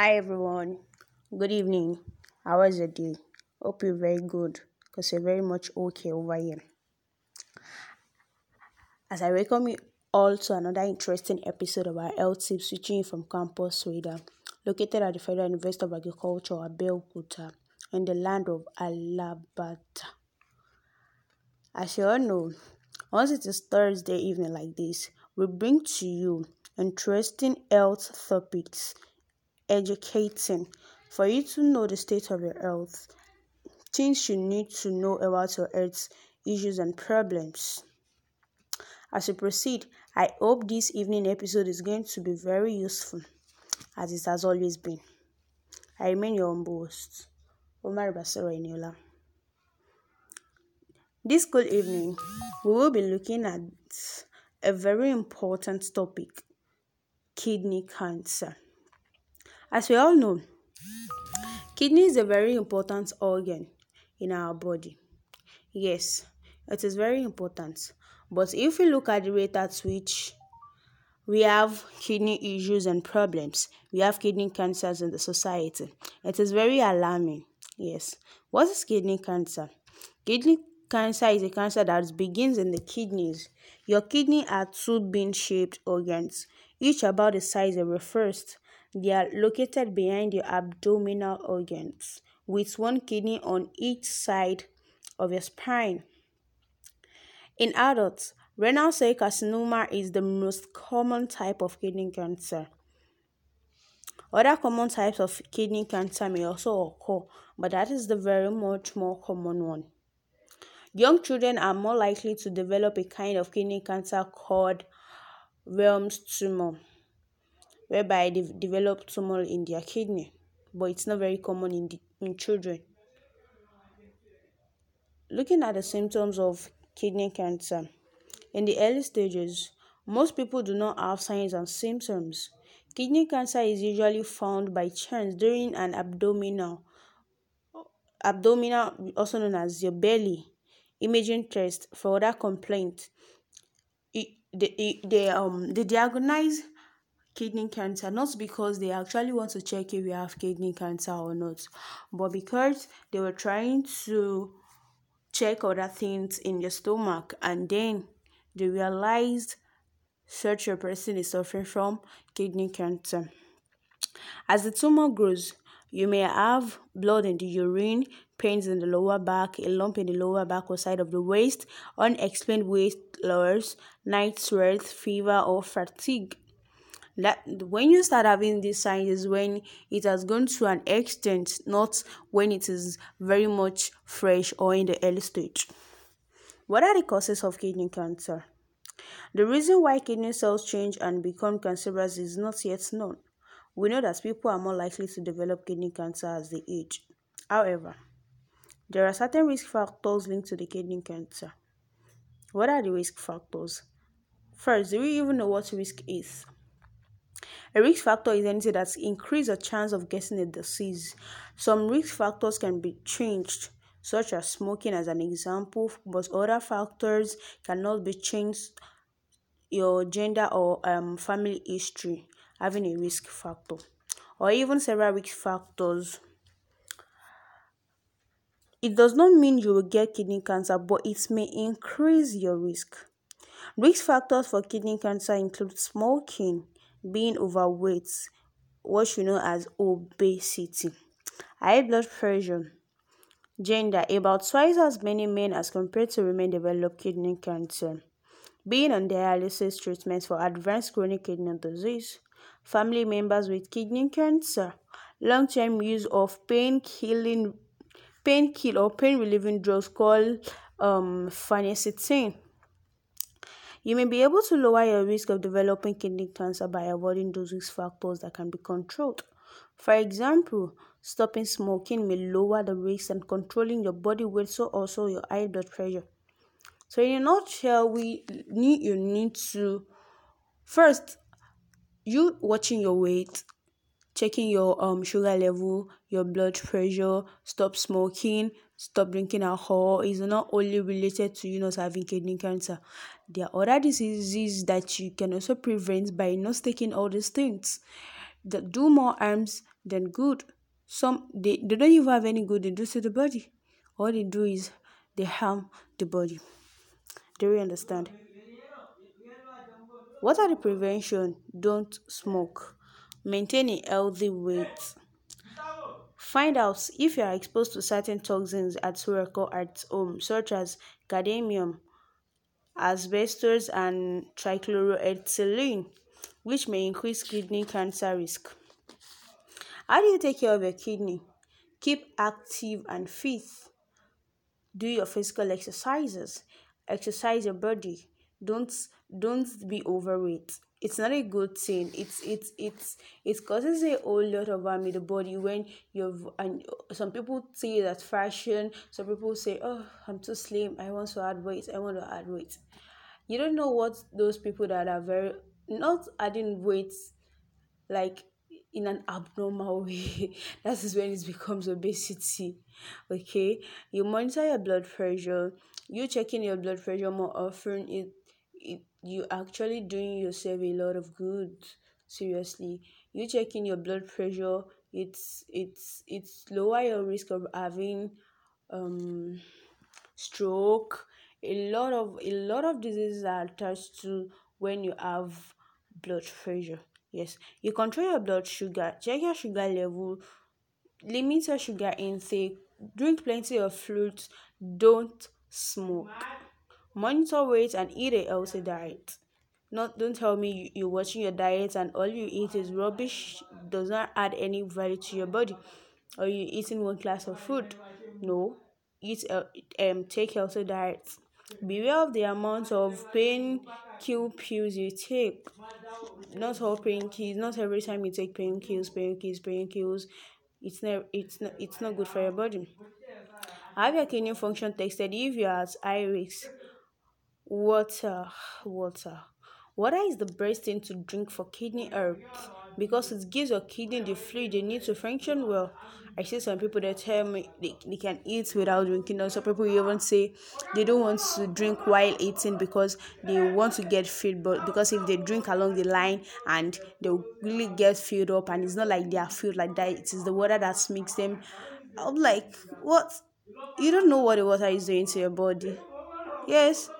Hi everyone, good evening. How was your day? Hope you're very good because you're very much okay over here. As I welcome you all to another interesting episode of our health tips, switching from campus Sweden, located at the Federal University of Agriculture, Abeokuta, in the land of Alabata. As you all know, once it is Thursday evening like this, we bring to you interesting health topics educating for you to know the state of your health, things you need to know about your health issues and problems. As we proceed, I hope this evening episode is going to be very useful, as it has always been. I remain your humble host, Omar Basoro Eniola. This good evening, we will be looking at a very important topic kidney cancer. As we all know, kidney is a very important organ in our body. Yes, it is very important. But if we look at the rate at which we have kidney issues and problems, we have kidney cancers in the society, it is very alarming. Yes. What is kidney cancer? Kidney cancer is a cancer that begins in the kidneys. Your kidney are two bean shaped organs, each about the size of a fist. They are located behind your abdominal organs, with one kidney on each side of your spine. In adults, renal cell carcinoma is the most common type of kidney cancer. Other common types of kidney cancer may also occur, but that is the very much more common one. Young children are more likely to develop a kind of kidney cancer called Wilms tumor whereby they've developed tumor in their kidney, but it's not very common in, the, in children. Looking at the symptoms of kidney cancer, in the early stages, most people do not have signs and symptoms. Kidney cancer is usually found by chance during an abdominal, abdominal also known as your belly, imaging test for other complaint. It, the it, um they diagnose kidney cancer not because they actually want to check if you have kidney cancer or not but because they were trying to check other things in your stomach and then they realized such a person is suffering from kidney cancer as the tumor grows you may have blood in the urine pains in the lower back, a lump in the lower back or side of the waist, unexplained weight loss, night sweats, fever, or fatigue when you start having these signs is when it has gone to an extent, not when it is very much fresh or in the early stage. What are the causes of kidney cancer? The reason why kidney cells change and become cancerous is not yet known. We know that people are more likely to develop kidney cancer as they age. However, there are certain risk factors linked to the kidney cancer. What are the risk factors? First, do we even know what risk is? A risk factor is anything that increases the chance of getting a disease. Some risk factors can be changed, such as smoking as an example, but other factors cannot be changed, your gender or um, family history having a risk factor, or even several risk factors. It does not mean you will get kidney cancer, but it may increase your risk. Risk factors for kidney cancer include smoking, being overweight, what you know as obesity, high blood pressure, gender about twice as many men as compared to women develop kidney cancer, being on dialysis treatments for advanced chronic kidney disease, family members with kidney cancer, long term use of pain killing pain kill or pain relieving drugs called um, phenacetin. You may be able to lower your risk of developing kidney cancer by avoiding those risk factors that can be controlled. For example, stopping smoking may lower the risk and controlling your body weight, so also your high blood pressure. So, in a nutshell, we need you need to first you watching your weight, checking your um sugar level, your blood pressure, stop smoking, stop drinking alcohol is not only related to you not having kidney cancer. There are other diseases that you can also prevent by not taking all these things that do more harms than good. Some they, they don't even have any good they do to the body. All they do is they harm the body. Do you understand? What are the prevention? Don't smoke. Maintain a healthy weight. Find out if you are exposed to certain toxins at work or at home, such as cadmium, asbestos, and trichloroethylene, which may increase kidney cancer risk. How do you take care of your kidney? Keep active and fit. Do your physical exercises. Exercise your body. Don't don't be overweight it's not a good thing it's it's it's it causes a whole lot of harm um, in the body when you've and some people say that fashion some people say oh i'm too slim i want to add weight i want to add weight you don't know what those people that are very not adding weight like in an abnormal way that is when it becomes obesity okay you monitor your blood pressure you checking your blood pressure more often it it, you actually doing yourself a lot of good seriously you checking your blood pressure it's it's it's lower your risk of having um stroke a lot of a lot of diseases are attached to when you have blood pressure yes you control your blood sugar check your sugar level limit your sugar intake drink plenty of fruits don't smoke Monitor weight and eat a healthy diet. Not, don't tell me you're watching your diet and all you eat is rubbish, does not add any value to your body, or you're eating one class of food. No, eat um take healthy diets. Beware of the amount of painkiller pills you take. Not all painkillers. Not every time you take painkillers, painkillers, painkillers. It's not. It's not. It's not good for your body. Have your kidney function tested if you are at high risk Water, water. Water is the best thing to drink for kidney health because it gives your kidney the fluid they need to function well. I see some people that tell me they, they can eat without drinking, and some people even say they don't want to drink while eating because they want to get filled. But because if they drink along the line and they really get filled up, and it's not like they are filled like that, it is the water that makes them. I'm like, what? You don't know what the water is doing to your body. Yes,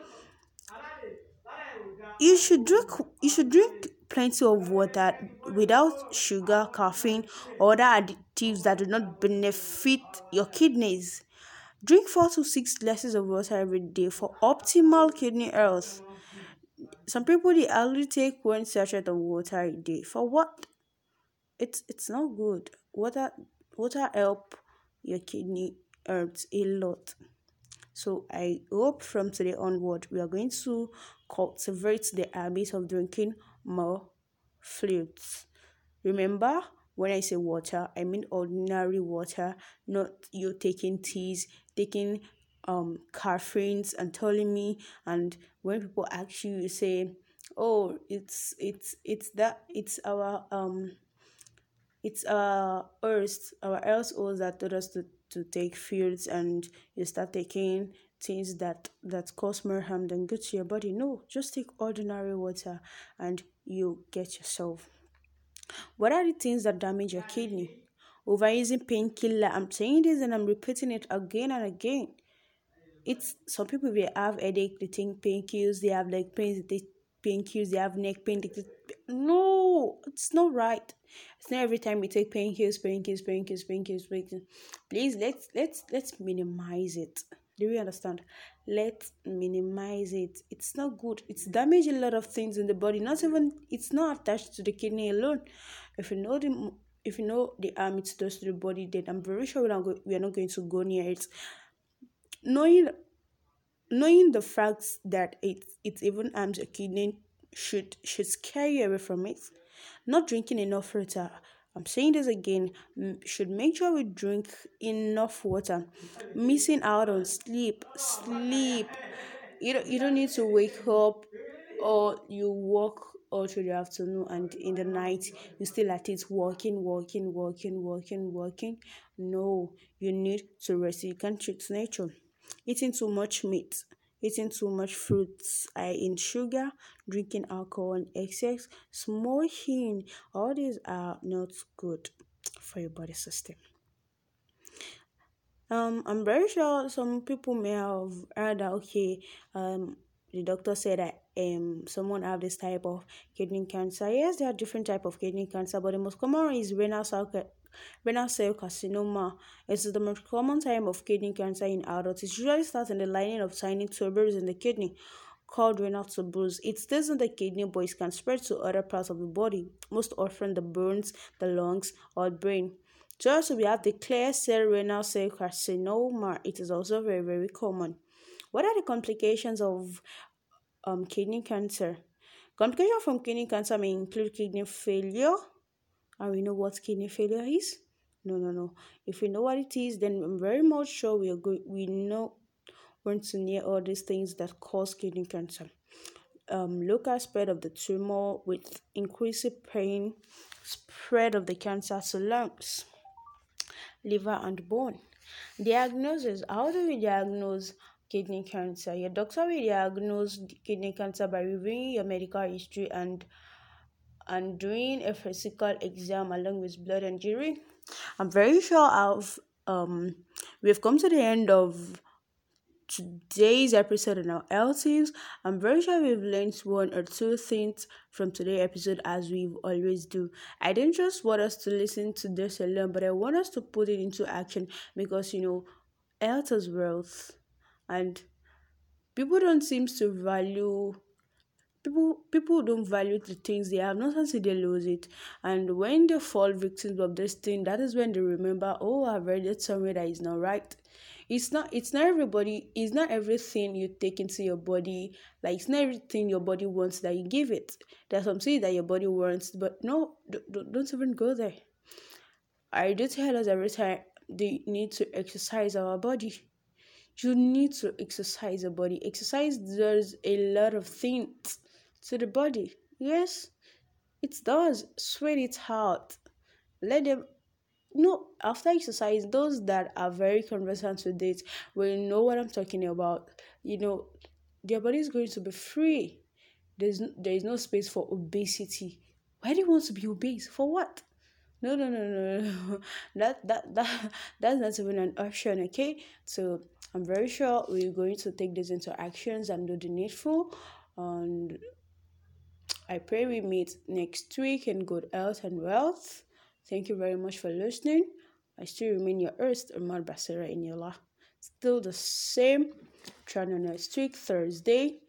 you should drink you should drink plenty of water without sugar, caffeine, or other additives that do not benefit your kidneys. Drink 4 to 6 glasses of water every day for optimal kidney health. Some people they only take one sachet of water a day. For what? It's it's not good. Water water help your kidney health a lot. So I hope from today onward we are going to cultivate the habit of drinking more fluids. Remember, when I say water, I mean ordinary water, not you taking teas, taking um caffeines and telling me and when people ask you you say oh it's it's it's that it's our um it's our earth our earth owes that told us to to take fields and you start taking things that that cause more harm than good to your body no just take ordinary water and you get yourself what are the things that damage your kidney overusing painkiller i'm saying this and i'm repeating it again and again it's some people they have headache they think painkillers they have like pains they painkillers, they have neck pain. They, no, it's not right. It's not every time we take painkillers, painkillers, painkillers, painkillers, painkillers. Please let's let's let's minimize it. Do we understand? Let's minimize it. It's not good. It's damaging a lot of things in the body. Not even it's not attached to the kidney alone. If you know the if you know the harm it does to the body, then I'm very sure we're not, go, we're not going to go near it. Knowing Knowing the facts that it, it even harms your kidney should, should scare you away from it. Not drinking enough water. I'm saying this again. Should make sure we drink enough water. Missing out on sleep. Sleep. You don't, you don't need to wake up or you walk all through the afternoon and in the night you still at it walking walking walking walking walking no you need to rest you can't treat nature eating too much meat, eating too much fruits, high in sugar, drinking alcohol and excess, smoking, all these are not good for your body system. Um, I'm very sure some people may have heard that okay, um, the doctor said that um someone have this type of kidney cancer. Yes, there are different type of kidney cancer, but the most common is renal cell Renal cell carcinoma it is the most common type of kidney cancer in adults. It usually starts in the lining of tiny tubules in the kidney called renal tubules. It stays in the kidney but it can spread to other parts of the body, most often the bones, the lungs, or the brain. also we have the clear cell renal cell carcinoma. It is also very, very common. What are the complications of um, kidney cancer? Complications from kidney cancer may include kidney failure, and we know what kidney failure is? No, no, no. If we know what it is, then I'm very much sure we are going, we know when to near all these things that cause kidney cancer. Um, local spread of the tumor with increasing pain, spread of the cancer to lungs, liver, and bone. Diagnosis How do we diagnose kidney cancer? Your doctor will diagnose kidney cancer by reviewing your medical history and and doing a physical exam along with blood and urine. I'm very sure I've um we've come to the end of today's episode on our L teams. I'm very sure we've learned one or two things from today's episode as we always do. I didn't just want us to listen to this alone, but I want us to put it into action because you know health is wealth and people don't seem to value people people don't value the things they have not until they lose it and when they fall victims of this thing that is when they remember oh i've read it somewhere that is not right it's not it's not everybody it's not everything you take into your body like it's not everything your body wants that you give it there's some things that your body wants but no don't, don't even go there i do tell us every time they need to exercise our body you need to exercise your body exercise does a lot of things to the body. Yes, it does. Sweat it out. Let them know after exercise, those that are very conversant with it will know what I'm talking about. You know, their body is going to be free. There's there is no space for obesity. Why do you want to be obese? For what? No, no, no, no, no. That that that that's not even an option. Okay, so I'm very sure we're going to take this into actions and do the needful. And I pray we meet next week in good health and wealth. Thank you very much for listening. I still remain your host, Omar Basira Inyola. Still the same. Channel next week, Thursday.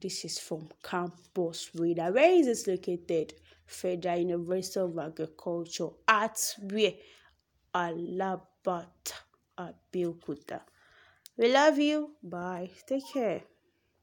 This is from Campus Reader. Where is this located? Federal University of Agriculture, at Artsway, Alabata, Abilkuta. We love you. Bye. Take care.